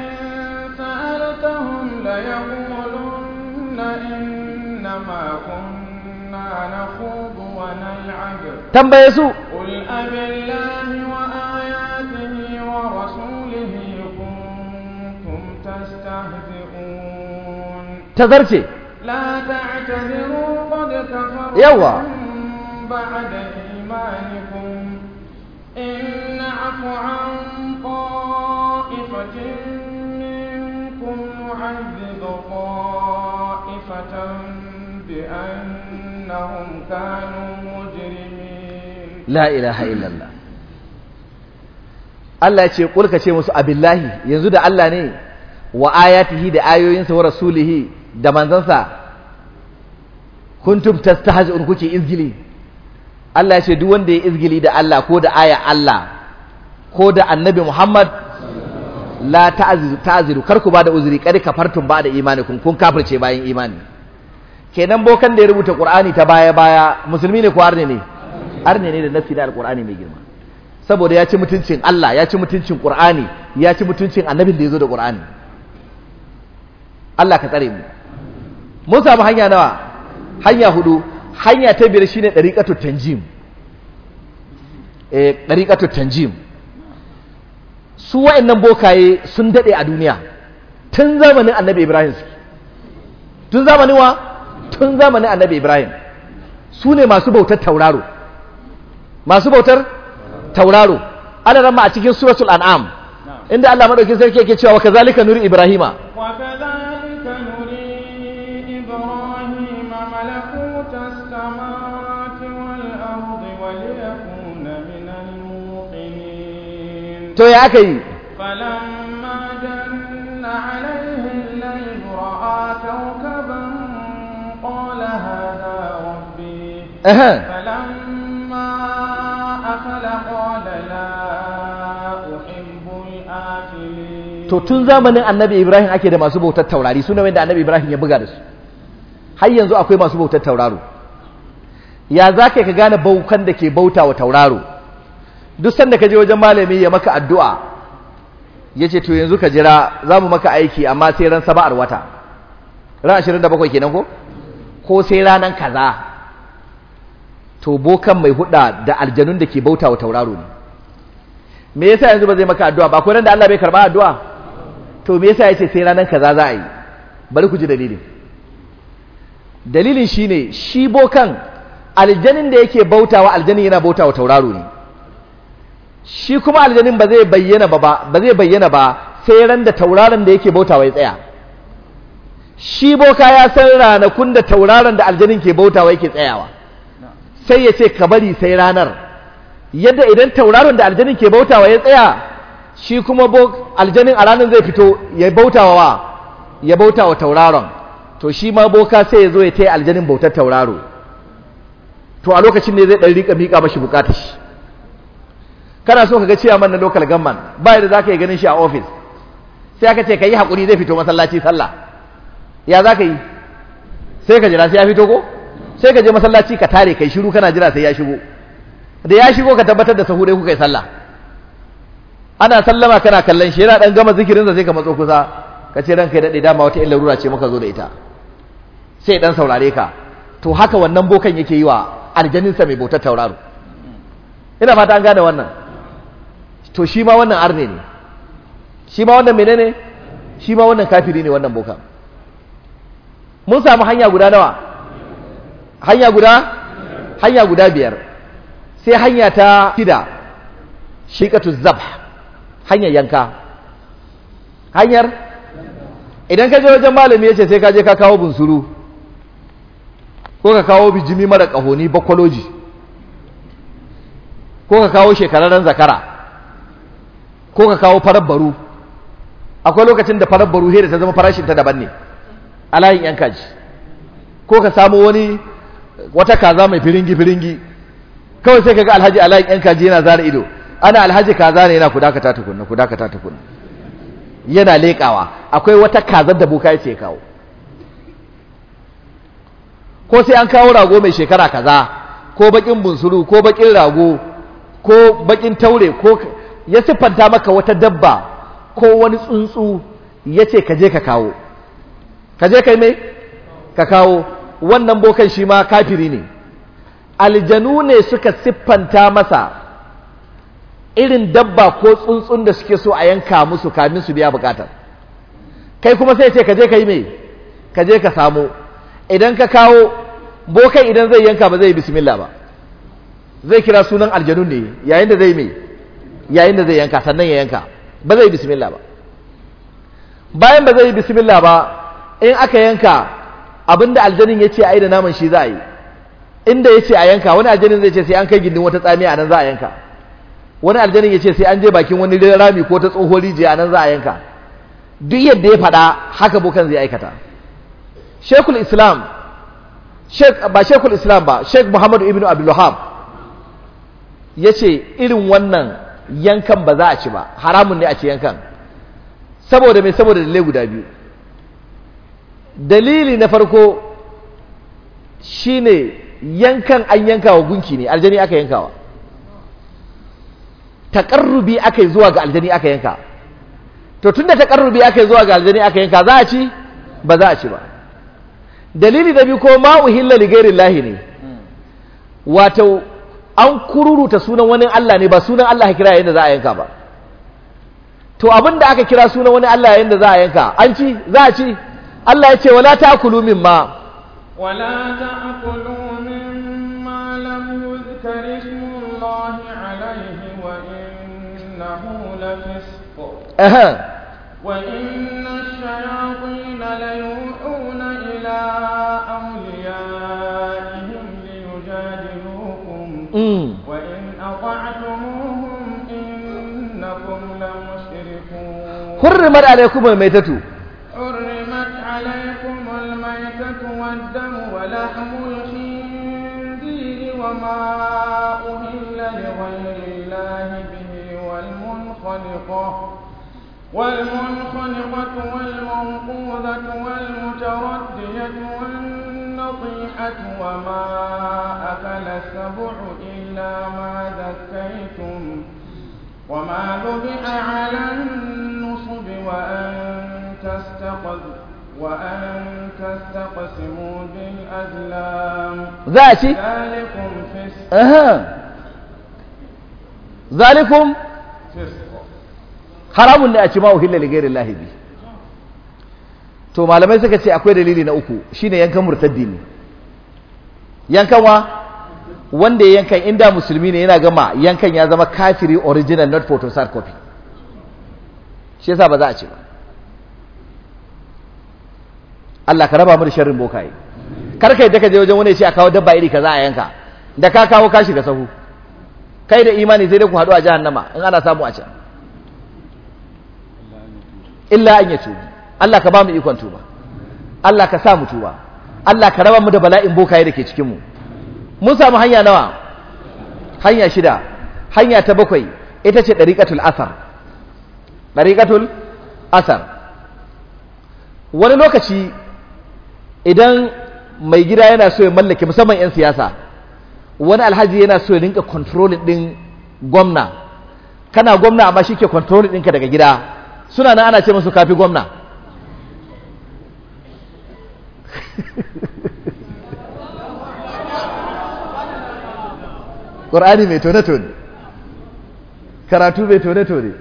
sa'altahum la yaqulunna innama kunna nakhudu wa nal'ab tambaye su qul abillahi wa ayatihi wa rasulihi kuntum tastahzi'un tazarce la ta'tadiru qad kafartum yawa ba'da imanikum عن طائفة منكم نعذب طائفة بأنهم كانوا مجرمين لا إله إلا الله Allah ya ce kulka ce musu abillahi yanzu da Allah ne wa ayatihi da ayoyinsa wa rasulihi da manzansa kuntum tastahzi'un kuke izgili Allah ya ce duk wanda ya izgili da Allah ko da aya Allah ko da annabi Muhammad la ta'ziru ta'ziru kar ku bada uzuri kar fartun ba da imani kun kafirce bayan imani kenan bokan da ya rubuta Qur'ani ta baya baya musulmi ne ko arne ne arne ne da nafi da alqur'ani mai girma saboda ya ci mutuncin Allah ya ci mutuncin Qur'ani ya ci mutuncin annabin da ya zo da Qur'ani Allah ka tsare mu mun samu hanya nawa hanya hudu hanya ta biyar shine dariqatu tanjim eh dariqatu tanjim su wa'annan bokaye sun daɗe a duniya tun zamanin annabi ibrahim suke tun zamanin wa tun zamanin annabi ibrahim su ne masu bautar tauraro masu bautar tauraro ana ramma a cikin suratul an'am inda Allah maɗauki sarki yake cewa wa kazalika nuri ibrahima to ya aka yi to tun zamanin annabi Ibrahim ake da masu bautar taurari suna wanda annabi Ibrahim ya buga da su har yanzu akwai masu bautar tauraro ya za ka gane baukan da ke bauta wa tauraro duk sanda ka je wajen malami ya maka addu'a ya ce to yanzu ka jira za mu maka aiki amma sai ran saba'ar wata ran ashirin da bakwai kenan ko ko sai ranan kaza to bokan mai huda da aljanun da ke bauta wa tauraro ne me yasa yanzu ba zai maka addu'a ba ko ran da Allah bai karba addu'a to me yasa yace sai ranan kaza za a yi bari ku ji dalilin dalilin shine shi bokan aljanin da yake bautawa aljanin yana bautawa tauraro ne shi kuma aljanin ba zai bayyana ba ba zai bayyana ba sai ran da tauraron da yake bautawa ya tsaya shi boka ya san ranakun da tauraron da aljanin ke bautawa yake tsayawa sai ya ce ka bari sai ranar yadda idan tauraron da aljanin ke bautawa ya tsaya shi kuma aljanin a ranar zai fito ya bautawa wa ya bautawa tauraron to shi ma boka sai ya zo ya taya aljanin bautar tauraro to a lokacin ne zai ɗan rika mika mashi bukatar shi kana so ka ga ciyaman na local government ba yadda za ka yi ganin shi a ofis sai aka ce ka yi haƙuri zai fito masallaci sallah ya za ka yi sai ka jira sai ya fito ko sai ka je masallaci ka tare kai shiru kana jira sai ya shigo da ya shigo ka tabbatar da sahu dai kuka yi sallah ana sallama kana kallon shi yana dan gama zikirinsa sai ka matso kusa ka ce ranka ya dade dama wata illa rura ce muka zo da ita sai dan saurare ka to haka wannan bokan yake yi wa aljaninsa mai bautar tauraro ina fata an gane wannan to shi ma wannan arne ne shi ma wannan menene shi ma wannan kafiri ne wannan boka mun samu hanya guda nawa hanya guda hanya guda biyar sai hanya ta shida shiqatu zabh hanyar yanka hanyar idan ka je wajen malami yace sai ka je ka kawo bunsuru ko ka kawo bijimi mara kahoni bakoloji ko ka kawo shekararren zakara ko ka kawo farar baro akwai lokacin da farar baro da ta zama farashinta daban ne a layin yan kaji ko ka samo wani wata kaza mai firingi firingi kawai sai ka ga alhaji a layin yan kaji yana zara ido ana alhaji kaza ne yana kudakata tukunna kudakata tukunna yana leƙawa akwai wata kazar da boka yace kawo ko sai an kawo rago mai shekara kaza ko bakin bunsuru ko bakin rago ko bakin taure ko ya siffanta maka wata dabba ko wani tsuntsu ya ce ka je ka kawo ka je kai mai ka kawo wannan bokan shi ma kafiri ne aljanu ne suka siffanta masa irin dabba ko tsuntsun da suke so a yanka musu kamin su biya bukatar kai kuma sai ce ka je ka yi mai ka je ka samo idan ka kawo bokan idan zai yanka ba zai bismillah ba zai kira sunan aljanu ne yayin da zai mai yayin da zai yanka sannan ya yanka ba zai bismillah ba bayan ba zai bismillah ba in aka yanka abinda aljanin ya ce a yi da naman shi za a yi inda ya ce a yanka wani aljanin zai ce sai an kai gindin wata tsamiya a nan za a yanka wani aljanin ya ce sai an je bakin wani rami ko ta tsohon rijiya a nan za a yanka duk yadda ya faɗa haka bukan zai aikata shekul islam ba shekul islam ba shek muhammadu ibn abdul ya ce irin wannan yankan ba za a ci ba haramun ne a ci yankan saboda mai saboda dalilai guda biyu dalili na farko shine yankan an yanka wa gunki ne aljani aka yankawa takarrubi aka yi zuwa ga aljani aka yanka to tun da takarrubi aka yi zuwa ga aljani aka yanka za a ci ba za a ci ba dalili da biyu ko ma'uhin ligairin lahi ne hmm. wato an kururuta sunan wani Allah ne ba sunan Allah kira yayin da za a yanka ba to abin da aka kira sunan wani Allah yayin da za a yanka an ci za a ci Allah ya ce wala ta'kulu mimma wala ta'kulu mimma lam yuzkar Allah alayhi wa innahu lafisq eh wa inna ash-shayatin la yu'una ila وإن أطعتموهم إنكم لمشركون حرمت عليكم الميتة حرمت عليكم الميتة والدم ولحم الخنزير وما أهل لغير الله به والمنخلقة والمنخلقة والمنقوذة والمتردية والمنخلقة النَّاطِحَةُ وَمَا أَكَلَ السَّبُعُ إِلَّا مَا ذَكَّيْتُمْ وما ذبح على النصب وأن تستقذ وأن تستقسموا بالأزلام ذاتي ذلكم فسق أها ذلكم فسق حرام أن أتماه إلا لغير الله به to malamai suka ce akwai dalili na uku shine yankan murtaddi ne yankan wa wanda ya yankan inda musulmi ne yana gama yankan ya zama kafiri original not photosar copy shi yasa ba za a ce ba Allah ka raba mu da sharrin bokaye kar kai da ka je wajen wani ya ce a kawo dabba iri kaza a yanka da ka kawo ka shiga sahu kai da imani sai dai ku haɗu a jahannama in ana samu a can illa an ya Allah ka ba mu ikon tuba Allah ka sa mu tuba Allah ka raba mu da bala'in bokaye da ke cikin mu mun samu hanya nawa hanya shida hanya ta bakwai ita ce dariqatul asar dariqatul asar wani lokaci idan mai gida yana so ya mallake musamman 'yan siyasa wani alhaji yana so ya rinka controlling din gwamna kana gwamna amma shi ke controlling ɗinka daga gida suna nan ana ce musu kafi gwamna ƙur'ani mai tone-tone karatu mai tone-tone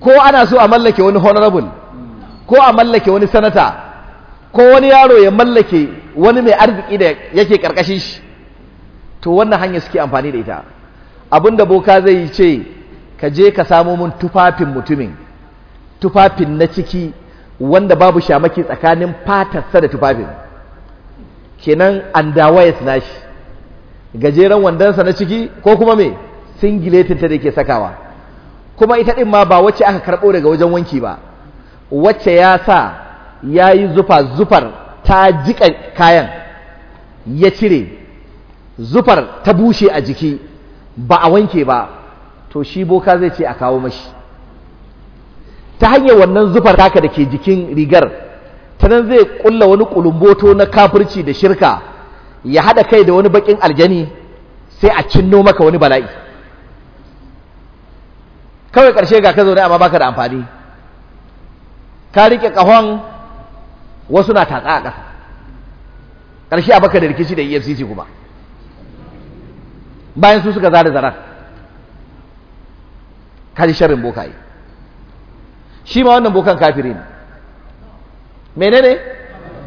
ko ana so a mallake wani honorable ko a mallake wani sanata ko wani yaro ya mallake wani mai arziki da yake karkashin shi to wannan hanyar suke amfani da ita abinda boka zai ce ka je ka samo mun tufafin mutumin tufafin na ciki wanda babu shamaki tsakanin fatarsa da tufafin kenan andawayas nashi gajeren wandonsa na ciki ko kuma me singiletin ta da yake sakawa kuma ita din ma ba wacce aka karɓo daga wajen wanki ba wacce ya sa ya yi zufa zufar ta jika kayan ya cire zufar ta bushe a jiki ba a wanke ba to shi boka zai ce a kawo mashi ta hanyar wannan zufar taka da ke jikin rigar ta nan zai kulla wani kulumboto na kafirci da shirka ya hada kai da wani bakin aljani sai a cinno maka wani bala'i kawai karshe ga ka zaune amma baka da amfani ka rike kahon wasu na tatsa a ƙasa ƙarshe a baka da rikici da efcc kuma bayan su suka zara zarar kari sharrin bokaye shi ma wannan bokan kafiri ne menene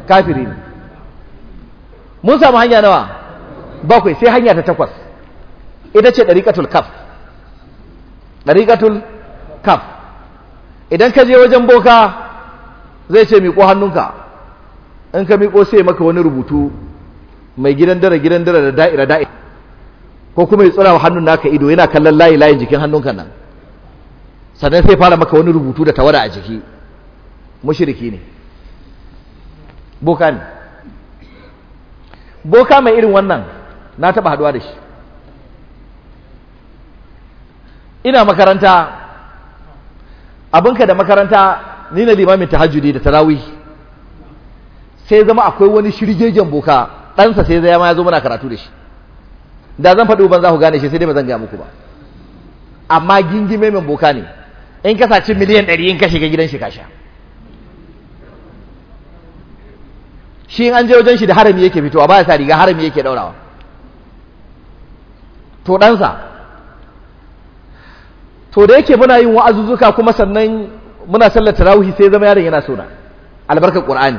kafiri ne mun samu hanya nawa bakwai sai hanya ta takwas ita ce ɗariƙatul kaf ɗariƙatul kaf idan ka je wajen boka zai ce miƙo hannunka in ka miƙo sai maka wani rubutu mai gidan dare gidan dare da da'ira da'ira ko kuma ya tsura wa hannun naka ido yana kallon layi layin jikin hannunka nan sannan sai fara maka wani rubutu da tawada a jiki mushriki ne boka ne boka mai irin wannan na taba haduwa da shi ina makaranta abinka da makaranta ni na limamin tahajjudi da tarawih sai zama akwai wani shirgegen boka ɗansa sai zama ya zo mana karatu da shi da zan faɗi uban za ku gane shi sai dai ba zan gaya muku ba amma gingime mai boka ne in ka saci miliyan ɗari in ka shiga gidan shi ka sha shi an je wajen shi da harami yake fitowa ba ya sa riga harami yake daurawa to ɗansa to da yake muna yin wa'azuzzuka kuma sannan muna sallar tarawihi sai zama yaron yana suna albarkar qur'ani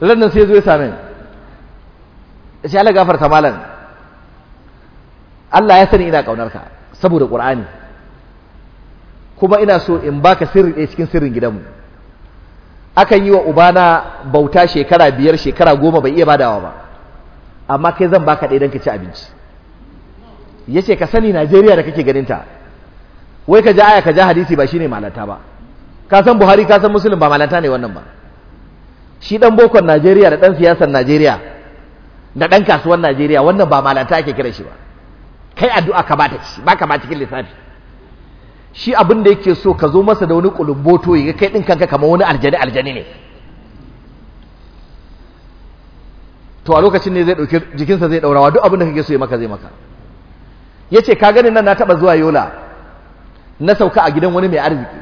lannan sai zo ya same ni sai Allah gafarta malan, Allah ya sani ina kaunar ka saboda qur'ani kuma ina so in baka sirri ɗaya cikin sirrin gidanmu akan yi wa ubana bauta shekara biyar shekara goma bai iya badawa ba amma kai zan baka ɗaya don ka ci abinci ya ce ka sani najeriya da kake ganinta wai ka ja aya ka ja hadisi ba shine malanta ba ka san buhari ka san musulun ba malanta ne wannan ba shi dan bokon najeriya da dan siyasar najeriya da dan kasuwan najeriya wannan ba malanta ake kira shi ba kai addu'a ka bata ci baka ba cikin lissafi shi abin da yake so ka zo masa da wani kulumboto ya kai din kanka kamar wani aljani aljani ne to a lokacin ne zai dauki jikinsa zai daurawa duk abin da kake so ya maka zai maka yace ka gani nan na taba zuwa yola na sauka a gidan wani mai arziki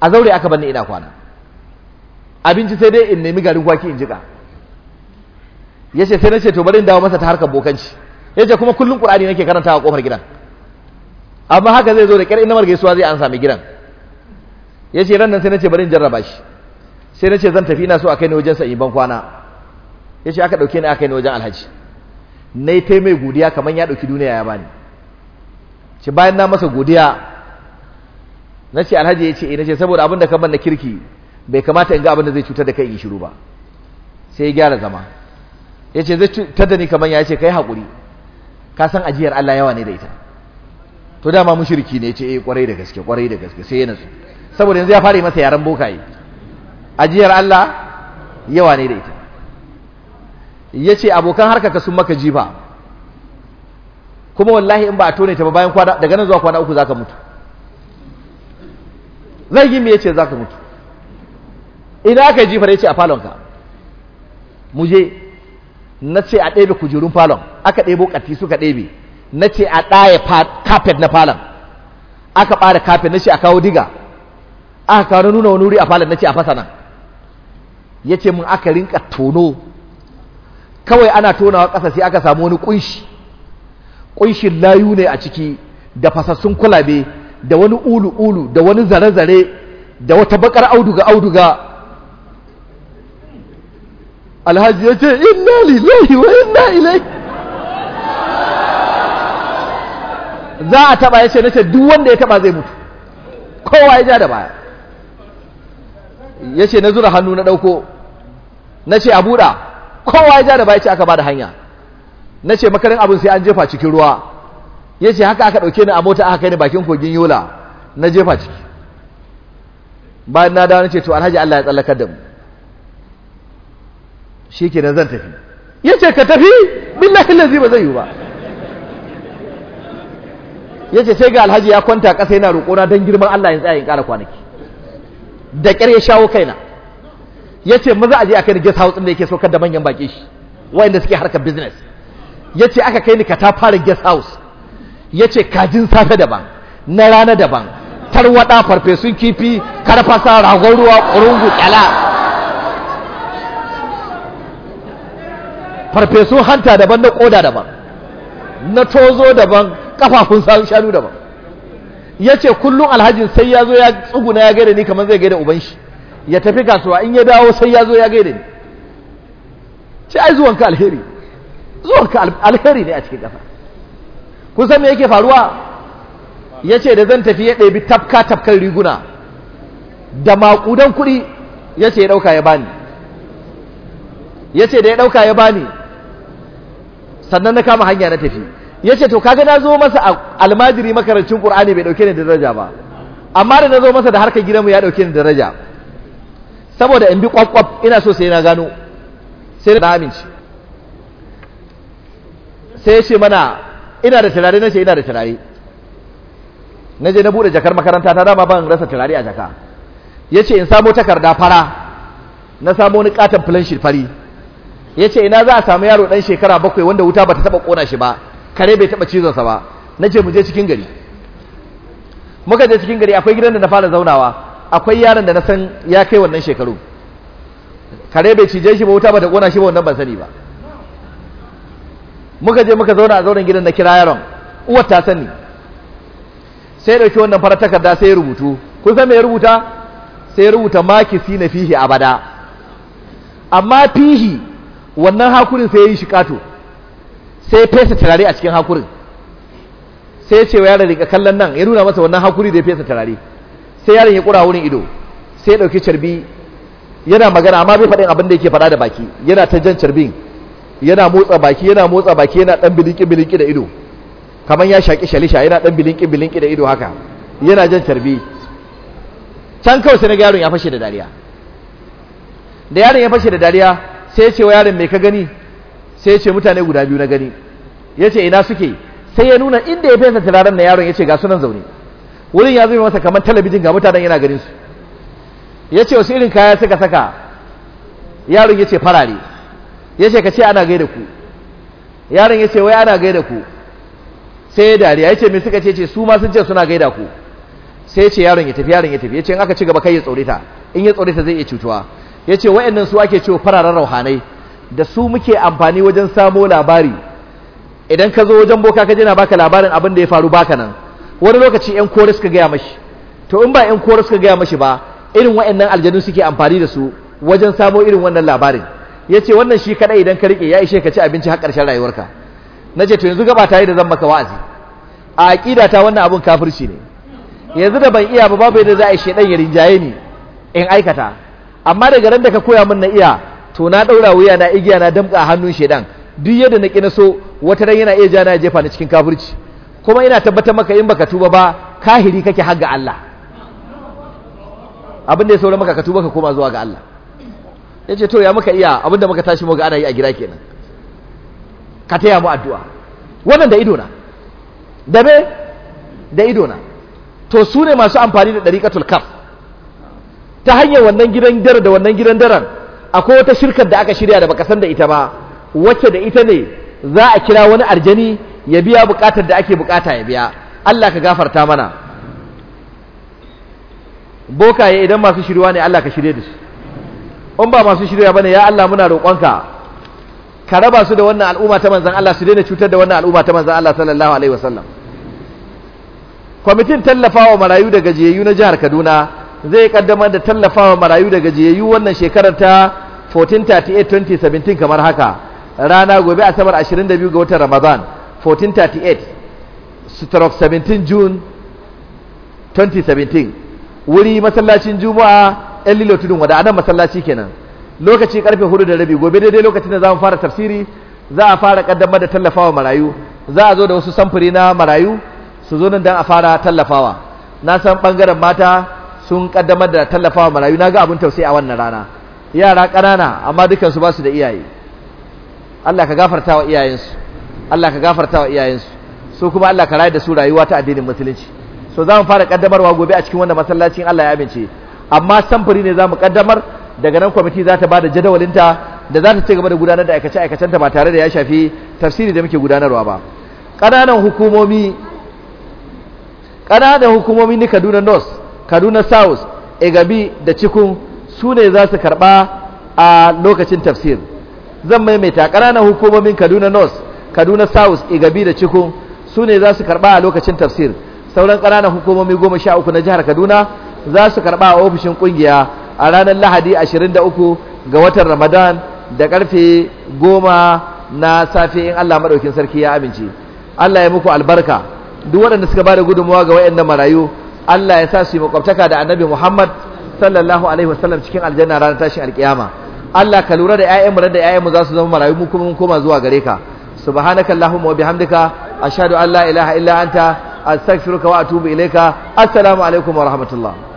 a zaure aka bani ina kwana abinci sai dai in nemi garin kwaki in jika yace sai na ce to bari in dawo masa ta harkar bokanci yace kuma kullun qur'ani nake karanta a kofar gidan amma haka zai zo da kyar inamar gaisuwa zai an sami gidan ya ce ran nan sai na ce bari in jarraba shi sai na ce zan tafi ina so a kai ni wajen sa'in ban kwana ya ce aka ɗauke ni aka kai ni wajen alhaji na yi taimai godiya kamar ya ɗauki duniya ya bani ce bayan na masa godiya na ce alhaji ya ce ina eh, ce saboda abin da ka ban na kirki bai kamata in ga abin da zai cutar da kai in shiru ba sai ya gyara zama ya ce zai cutar da ni kamar ya ce ka yi haƙuri ka san ajiyar Allah yawa ne da ita to dama mushriki ne ce eh kwarai da gaske kwarai da gaske sai yana nasu saboda yanzu ya fara yi masa yaren bokaye ajiyar Allah yawa ne da ita yace abokan harkarka sun maka jifa kuma wallahi in ba a tone ta ba bayan kwana daga nan zuwa kwana uku zaka mutu zai yi me yace zaka mutu idan aka jifa yace a falonka mu je na ce a ɗebe kujerun falon aka ɗebo ƙarfi suka ɗebe na ce a ɗaya kafet na falon aka ɓara kafet na ce a kawo diga aka kawo nuna wani wuri a falon na ce a fasa nan ya ce mun aka rinka tono kawai ana tonawa ƙasa sai aka samu wani ƙunshi ƙunshin layu ne a ciki da fasassun kulabe da wani ulu-ulu da wani zare-zare da wata bakar auduga-auduga alhaji ya ce inna lillahi wa inna ilaihi za a taba ya ce nace duk wanda ya taba zai mutu kowa ya ja da baya ya ce na zura hannu na ɗauko na ce a buɗa kowa ya ja da baya ce aka ba da hanya na ce makarin abin sai an jefa cikin ruwa ya ce haka aka ɗauke ni a mota aka kai ni bakin kogin yola na jefa ciki bayan na dawo na ce to alhaji Allah ya tsallakar da mu shi kenan zan tafi ya ce ka tafi billahi lazi ba zai yi ba yace sai ga alhaji ya kwanta ƙasa yana roƙona don girman Allah ya tsayayin ƙara kwanaki da ƙyar ya shawo kaina yace maza a aka ni guest house din da yake saukar da manyan baki shi wayanda suke harkar business ya ce aka kai ni ka ta fara guest house yace kajin safe daban na rana daban tarwada farfesun kifi karfasa ragon ruwa kurungu farfesun hanta daban na koda daban na tozo daban kafafun shanu daban ya ce kullum alhajin sai ya zo ya tsuguna ya gaida ni kamar zai gaida uban shi ya tafi kasuwa in ya dawo sai ya zo ya gaida ni ce ai zuwanka alheri zuwanka alheri ne a cikin Kun san me yake faruwa ya ce da zan tafi ya ɗabi tafka tafkan riguna da maƙudan kuɗi ya ce ya ɗauka ya bani ya ce da ya ɗauka ya bani sannan na kama hanya na tafi yace to kaga na zo masa almajiri makarancin ƙur'ani bai dauke ni da daraja ba amma da na zo masa da harkar gidanmu ya dauke ni da daraja saboda in bi ƙwaƙwaf ina so sai na gano sai na aminci sai ya ce mana ina da turare na ce ina da turare na je na bude jakar makaranta ta dama ban rasa turare a jaka ya ce in samo takarda fara na samo wani katon filan fari ya ce ina za a samu yaro ɗan shekara bakwai wanda wuta ba ta taɓa ƙona shi ba kare bai taɓa cizonsa ba na ce mu je cikin gari muka je cikin gari akwai gidan da na fara zaunawa akwai yaron da na san ya kai wannan shekaru kare bai cije shi ba wuta ba ta kona shi ba wannan ban sani ba muka je muka zauna a zauren gidan na kira yaron uwar ta sani sai dauki wannan fara takarda sai ya rubutu kun san me ya rubuta sai ya rubuta makisi na fihi abada amma fihi wannan hakurin sai ya yi shi kato sai fesa turare a cikin hakurin sai ya ce wa yaron rika kallon nan ya nuna masa wannan hakuri da ya fesa turare sai yaron ya kura wurin ido sai ya dauki carbi yana magana amma bai faɗin abin da yake faɗa da baki yana ta jan carbin yana motsa baki yana motsa baki yana ɗan bilinki bilinki da ido kamar ya shaƙi shalisha yana ɗan bilinki bilinki da ido haka yana jan carbi can kawai sai na yaron ya fashe da dariya da yaron ya fashe da dariya sai ya ce wa yaron me ka gani sai ya ce mutane guda biyu na gani ya ce ina suke sai ya nuna inda ya fesa turaren na yaron ya ce ga sunan zaune wurin ya zama masa kamar talabijin ga mutanen yana ganin su ya ce wasu irin kaya suka saka yaron ya ce farare ya ce ka ce ana gaida ku yaron ya ce wai ana gaida ku sai ya dariya ya ce me suka ce su ma sun ce suna gaida ku sai ya ce yaron ya tafi yaron ya tafi ya ce in aka ci gaba kai ya tsorita in ya tsorita zai iya cutuwa ya ce waɗannan su ake ciwo fararen rauhanai da su muke amfani wajen samo labari idan ka zo wajen boka ka na baka labarin abin da ya faru baka nan wani lokaci yan kore suka gaya mashi to in ba yan kore suka gaya mashi ba irin wa'annan aljanu suke amfani da su wajen samo irin wannan labarin ya ce wannan shi kaɗai idan ka riƙe ya ishe ka ci abinci har ƙarshen rayuwarka na ce to yanzu gaba ta yi da zan maka wa'azi a aƙida ta wannan abin kafirci ne yanzu da ban iya ba babu yadda za a yi shaɗan ya rinjaye ni in aikata amma daga ran da ka koya mun na iya to na ɗaura wuya na igiya na damƙa a hannun shaidan duk yadda na ƙina na so wata ran yana iya ja na jefa ni cikin kafirci kuma ina tabbatar maka in baka tuba ba kahiri kake har ga Allah abin da ya saura maka ka tuba ka koma zuwa ga Allah yace to ya muka iya abin da muka tashi muka ana yi a gida kenan ka taya mu addu'a wannan da ido na da me da ido na to su ne masu amfani da dariqatul kaf ta hanyar wannan gidan dare da wannan gidan daren akwai wata shirkar da aka shirya da baka san da ita ba wacce da ita ne za a kira wani arjani ya biya bukatar da ake bukata ya biya Allah ka gafarta mana bokaye idan masu shirwa ne Allah ka shirye da su in ba masu shirya bane ya Allah muna roƙonka ka raba su da wannan al'umma ta manzon Allah su daina cutar da wannan al'umma ta manzon Allah sallallahu alaihi wasallam kwamitin tallafawa marayu da gajiyayyu na jihar Kaduna zai kaddamar da tallafawa marayu da gajiyayyu wannan shekarar ta 1438-2017 kamar haka rana gobe asabar 22 ga watan ramadan 1438 stroke 17 june 2017 wuri masallacin juma'a yan lilo tudun wada anan masallaci kenan lokaci karfe 4 da rabi gobe daidai lokacin da za mu fara tafsiri za a fara kaddamar da tallafawa marayu za a zo da wasu samfuri na marayu su zo nan don a fara tallafawa na san bangaren mata sun kaddamar da tallafawa marayu na ga abin tausayi a wannan rana yara ƙanana amma dukansu ba su da iyaye Allah ka gafarta wa iyayensu Allah ka gafarta wa iyayensu su kuma Allah ka rayar da su rayuwa ta addinin musulunci so za mu fara kaddamarwa gobe a cikin wannan masallacin Allah ya amince amma samfuri ne za mu kaddamar daga nan kwamiti za ta ba da jadawalinta da za ta ci gaba da gudanar da aikace-aikacenta ba tare da ya shafi tafsiri da muke gudanarwa ba ƙananan hukumomi ƙananan hukumomi ni kaduna north kaduna south egabi da cikun su ne za su karɓa a lokacin tafsir zan maimaita ƙananan hukumomin kaduna north kaduna south egabi da cikun su ne za su karɓa a lokacin tafsir sauran ƙananan hukumomi goma sha uku na jihar kaduna za su karɓa a ofishin ƙungiya a ranar lahadi ashirin da uku ga watan ramadan da ƙarfe goma na safe in allah maɗaukin sarki ya amince allah ya muku albarka duk waɗanda suka ba da gudunmawa ga waɗannan marayu Allah ya sa su yi makwabtaka da annabi Muhammad sallallahu alaihi wasallam cikin aljanna ranar tashin alkiyama Allah ka lura da 'ya'yan mu da 'ya'yan mu za su zama marayu mu kuma mun koma zuwa gare ka subhanaka allahumma wa bihamdika ashhadu an la ilaha illa anta astaghfiruka wa atubu ka assalamu alaikum wa rahmatullah